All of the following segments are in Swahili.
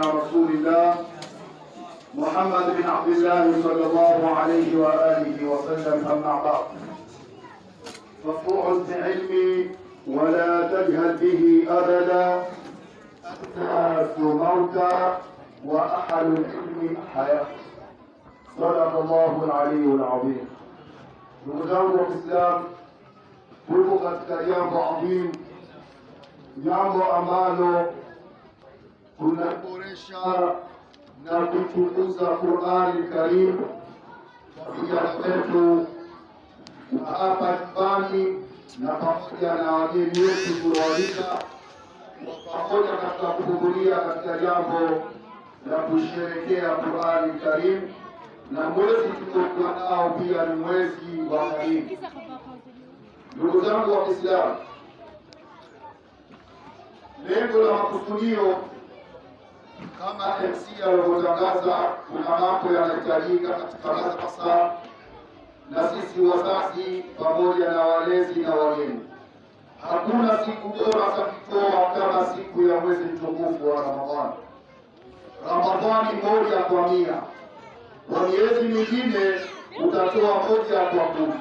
رسول الله محمد بن عبد الله صلى الله عليه وآله وسلم أما بعد فافرع بعلمي ولا تجهل به أبدا الناس موتى وأحل العلم حياة صدق الله العلي العظيم نقدر الإسلام tupo كريم عظيم adhimu, jambo ambalo tunaboresha na kuchunguza Qur'ani Karim kwa vijana wetu hapa nyumbani na pamoja na wageni wetu kuwaalika kwa pamoja katika kuhudhuria katika jambo la kusherekea Qur'ani Karim, na mwezi tuliokuwa nao pia ni mwezi wa Karim. Ndugu zangu wa Kiislamu, lengo la makusudio kama MC alivyotangaza, kuna mambo yanahitajika katika madrasa, na sisi wazazi pamoja na walezi na wageni, hakuna siku bora za mikoa kama siku ya mwezi mtukufu wa Ramadhani. Ramadhani moja kwa mia, kwa miezi mingine utatoa moja kwa kumi.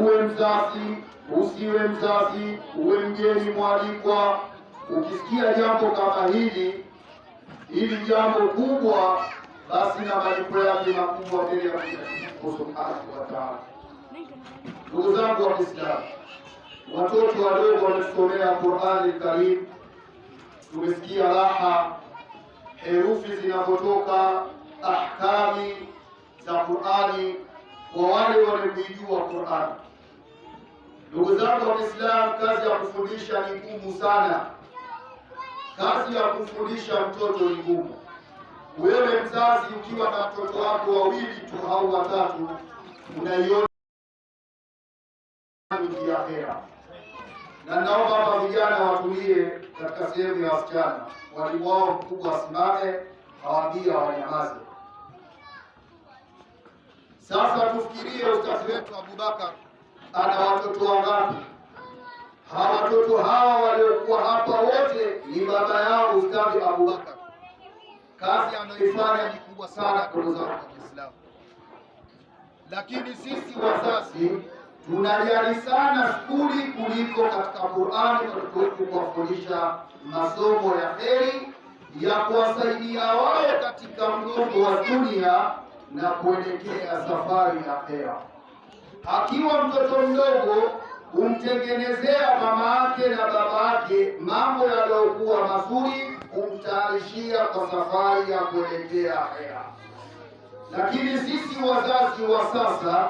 Uwe mzazi usiwe mzazi, uwe mgeni mwalikwa, ukisikia jambo kama hili ili jambo kubwa, basi na malipo yake makubwa mbele ya Mungu Subhanahu wa Ta'ala. Ndugu zangu wa Kiislamu, watoto wadogo wamesomea Qur'ani Karim, tumesikia raha herufi zinapotoka ahkami za Qur'ani kwa wale walioijua Qur'ani. Ndugu zangu wa Kiislamu, kazi ya kufundisha ni ngumu sana Kazi ya kumfundisha mtoto ni ngumu. Wewe mzazi ukiwa na mtoto wako wawili tu au watatu, unaiona ya hera. Na naomba hapa vijana watulie katika sehemu ya wasichana, walimu wao mkubwa asimame, awaambie wanyamaze. Sasa tufikirie ustazi wetu Abubakar ana watoto wangapi? hawa watoto hawa waliokuwa hapa wote ni baba yao Ustadhi Abubakar. Kazi anayoifanya ni kubwa sana ndugu zangu wa Kiislamu, lakini sisi wazazi tunajali sana skuli kuliko katika Qur'ani watoto wetu kuwafundisha masomo ya heri ya kuwasaidia wao katika mgongo wa dunia na kuelekea safari ya akhera. Akiwa mtoto mdogo kumtengenezea yake na yake mambo yaliyokuwa mazuri, kumtayarishia kwa safari ya kuelekea hera Lakini sisi wazazi wa sasa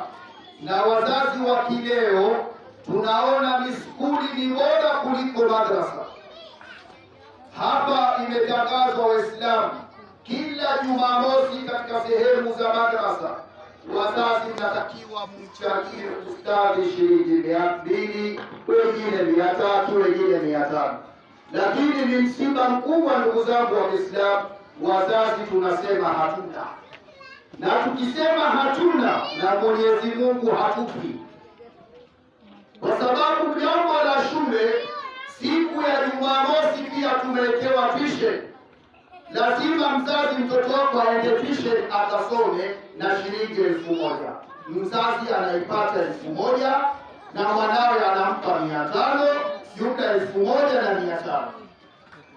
na wazazi wa kileo tunaona misukuli ni bora kuliko madrasa. Hapa imetangazwa Waislamu kila Jumamosi katika sehemu za madrasa Wazazi mnatakiwa mchagie ustari shilingi mia mbili, wengine mia tatu, wengine mia tano. Lakini ni msiba mkubwa, ndugu zangu wa Kiislamu, wazazi tunasema hatuna, na tukisema hatuna na Mwenyezi Mungu hatupi, kwa sababu jambo la shule siku ya Jumamosi pia tumewekewa vishe lazima mzazi mtoto wako aendeshe akasome na shilingi elfu moja. Mzazi anaipata elfu moja na mwanawe anampa mia tano yuka elfu moja na mia tano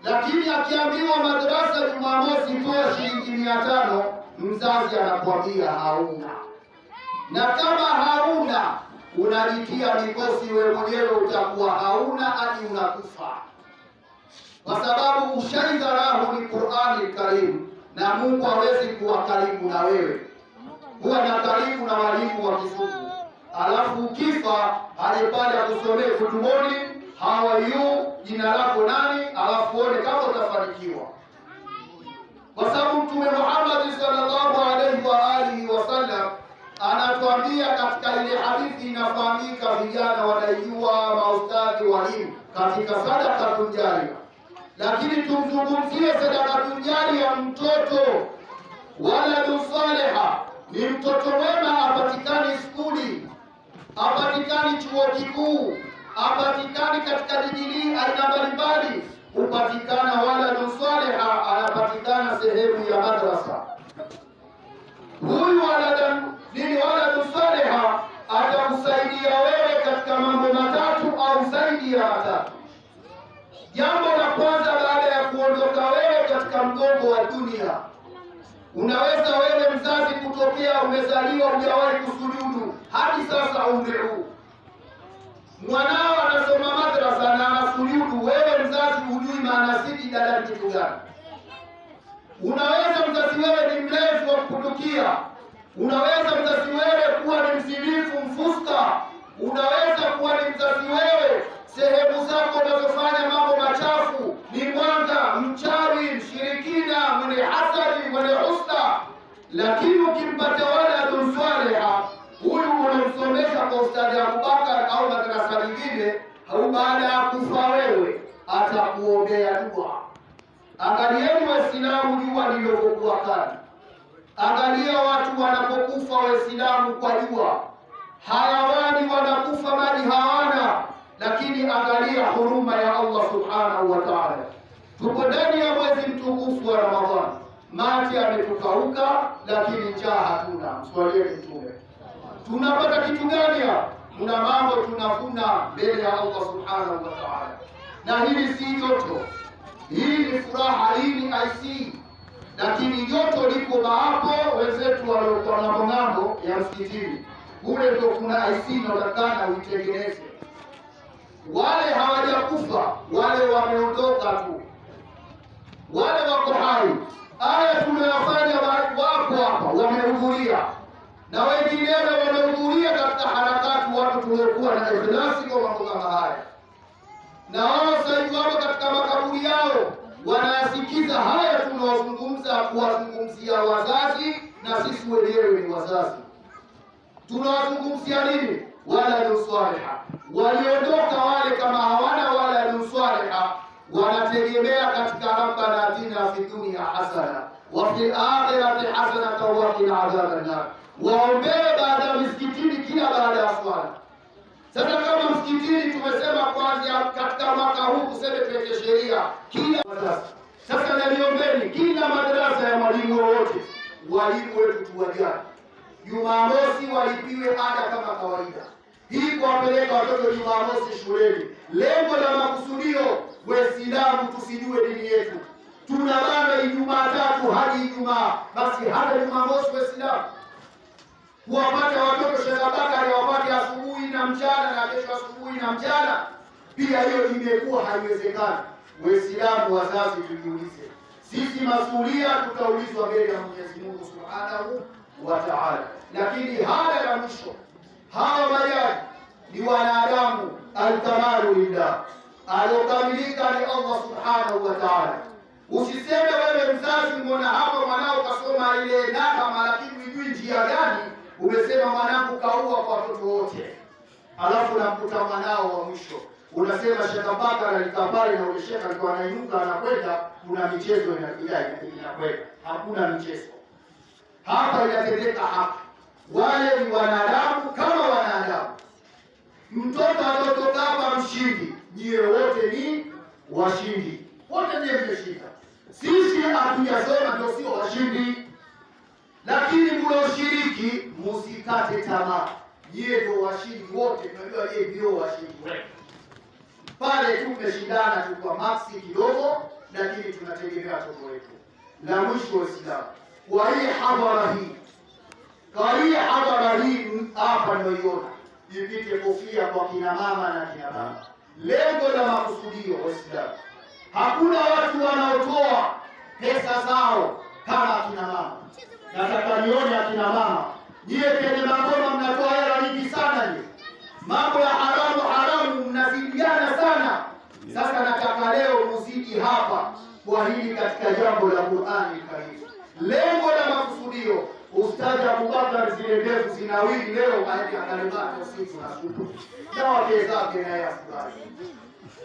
lakini akiambiwa madarasa Jumamosi toa shilingi mia tano mzazi anakwambia hauna, na kama hauna unajitia mikosi wewe mwenyewe, utakuwa hauna hadi unakufa kwa sababu ushaidharau ni Qur'ani karimu na Mungu hawezi kuwa karibu na wewe. Huwa na karibu na walimu wa Kizungu, alafu ukifa pale kusomea kutumoni, how are you, jina lako nani, alafu uone kama utafanikiwa, kwa sababu Mtume Muhammad sallallahu alaihi wa alihi wasallam anatuambia katika ile hadithi inafahamika, vijana wanaijua maustadhi walimu katika sadaka tunjaria lakini tumzungumzie sadaka jari ya mtoto. Waladu saleha ni mtoto mwema, apatikani skuli, apatikani chuo kikuu, apatikani katika dijilii aina mbalimbali, hupatikana waladu saliha, anapatikana sehemu ya madrasa. Huyu waladu saliha atakusaidia wewe katika mambo matatu au zaidi ya kufikia. Unaweza wewe mzazi kutokea umezaliwa hujawahi kusujudu hadi sasa umri huu, mwanao anasoma madrasa na anasujudu, wewe mzazi hujui maana sijida ni kitu gani? Unaweza mzazi wewe ni mrefu wa kupudukia unaweza Lakini ukimpata wale saliha, huyu unamsomesha kwa ustadi Abubakar au madarasa lingine, au baada ya kufa wewe atakuombea dua. Angalieni Waislamu jua lilivyokuwa kali. Angalia watu wanapokufa Waislamu kwa jua, hayawani wanakufa mali hawana, lakini angalia huruma ya Allah subhanahu wa ta'ala. Tupo ndani ya mwezi mtukufu wa Ramadhani maji yametukauka, lakini njaa hatuna. Mswalieni Mtume. Tunapata kitu gani hapa? Kuna mambo tunavuna mbele ya Allah subhanahu wa ta'ala, na hili si joto, hii ni furaha, hii ni ic lakini joto liko hapo. Wenzetu waliokuwa ng'ambo ng'ambo ya msikitini kule, ndio kuna ic inatakana uitengeneze. Wale hawajakufa wale wameondoka tu, wale wako hai Haya tunayofanya wapo hapa wamehudhuria na wengineo wamehudhuria katika harakati, watu tuliokuwa na ikhlasi kwa mambo kama haya, na wao sasa wako katika makaburi yao wanayasikiza haya tunaozungumza kuwazungumzia wazazi na sisi wenyewe ni wazazi. Tunawazungumzia nini? wala nuswaliha, waliondoka wale kama hawana wala nuswaliha, wanategemea katika rabbana fi dunia hasana wa fil akhirati hasanatan wa qina adhaban nar. Waombee baada ya misikitini kila baada ya swala. Sasa kama msikitini tumesema kwanza katika mwaka huu tuseme tuweke sheria kila madrasa. Sasa naliombeni kila madarasa ya mwalimu wowote, walimu wetu tuwajali, Jumamosi walipiwe ada kama kawaida hii kuwapeleka watoto Jumamosi shuleni, lengo la makusudio Waislamu tusijue dini yetu tuna bana Ijumaa tatu hadi Ijumaa, basi hata Jumamosi Waislamu kuwapata watoto Sheikh Abubakari asubuhi na mchana na kesho asubuhi na mchana pia, hiyo imekuwa haiwezekani. Waislamu wazazi, tujiulize sisi, masulia tutaulizwa mbele ya Mwenyezi Mungu Subhanahu wa Ta'ala. Lakini haya ya mwisho, hawa bajaji ni wanadamu, alkamalu lillah, alokamilika ni Allah Subhanahu wa Ta'ala. Usiseme wewe mzazi, mbona hapa mwanao kasoma ile nakama, lakini hujui njia gani. Umesema mwanangu kaua kwa watoto wote, alafu unamkuta mwanao wa mwisho unasema Shekh Abubakar alikaa pale na ule shekh alikuwa anainuka anakwenda, kuna michezo inakwenda. Hakuna michezo hapa, inatendeka hapa. Wale ni wanadamu kama wanadamu. Mtoto anaotoka hapa mshindi, nyie wote ni washindi wote ndiye mmeshinda. Sisi hatujasema ndio sio washindi, lakini mnaoshiriki musikate tamaa. Nyie ndio washindi wote, tunajua yeye ndio washindi Pale tu tumeshindana tu kwa maksi kidogo, lakini tunategemea watoto wetu. La mwisho Waislamu, kwa hii hadhara hii, kwa hii hadhara hii hapa ninayoiona ipite kofia kwa kina mama na kina baba, lengo la makusudio Waislamu Hakuna watu wanaotoa pesa zao kama akina mama. Nataka nione akina mama, nyie kwenye magoma mnatoa hela nyingi sana nyie, mambo ya haramu haramu mnazidiana sana. Sasa nataka leo muzidi hapa kwa hili katika jambo la Qur'ani Karim, lengo la makusudio Ustadhi Abubakar, zile ndevu zinawili leo aende akalemata usiku na kutu na wake zake na yasubari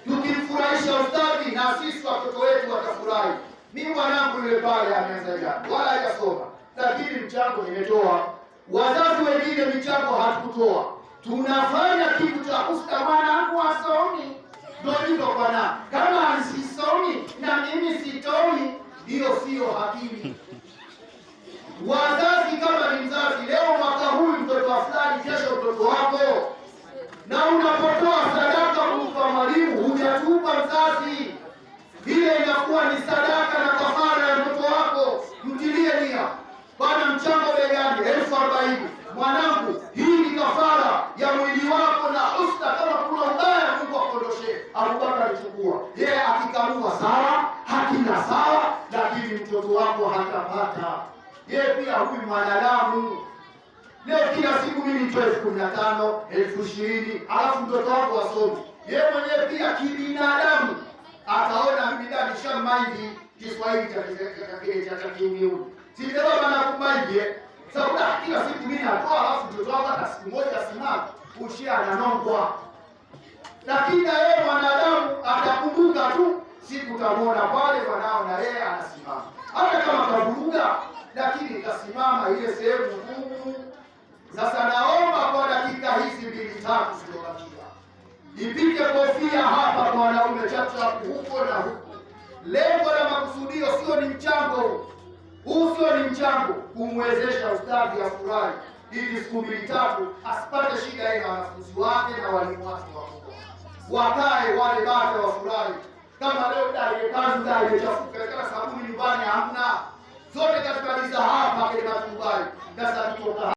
tukimfurahisha ustadi na sisi watoto wetu watafurahi. Mi mwanangu yule pale ameanza jambo wala hajasoma, lakini mchango nimetoa. Wazazi wengine michango hatukutoa, tunafanya kitu cha kusta, mwanangu asomi ndio hivyo bwana, kama sisomi na mimi sitomi, hiyo siyo hakili. Wazazi kama ni mzazi, leo mwaka huyu mtoto wa fulani, kesho mtoto wako na unapo wazazi, ile inakuwa ni sadaka na kafara ya mtoto wako. Mtilie nia, bwana mchango begani elfu arobaini mwanangu, hii ni kafara ya mwili wako na usta, kama kuna ubaya Mungu akondoshe. Abubakar alichukua yeye, akikamua sawa, hakina sawa, lakini mtoto wako hatapata yeye, pia huyu mwanadamu leo kila siku mimi nitoe elfu kumi na tano elfu ishirini alafu mtoto wako wasomi yeye mwenyewe pia kibinadamu akaona bidada maji Kiswahili cha kile cha kiumiu. Sikero bana kumaje? Sababu kila siku mimi natoa alafu ndio toa hata siku moja sima kushia ananongwa. Lakini na yeye mwanadamu atakumbuka tu siku tamwona pale wanao na yeye anasimama. Hata kama kavuruga lakini kasimama ile sehemu ngumu. Sasa naomba kwa dakika hizi mbili tatu Jipike kofia hapa wanaume chachapu huko na huko. Lengo la makusudio sio ni mchango huu, sio ni mchango kumwezesha ustadhi ya furahi, ili siku mbili tatu asipate shida ya wanafunzi wake na walimu wake wakubwa, wakae wale wa furahi Kama leo darekazi imechafuka, kana sabuni nyumbani hamna, zote katika kabisa hapa katika nyumbani sasa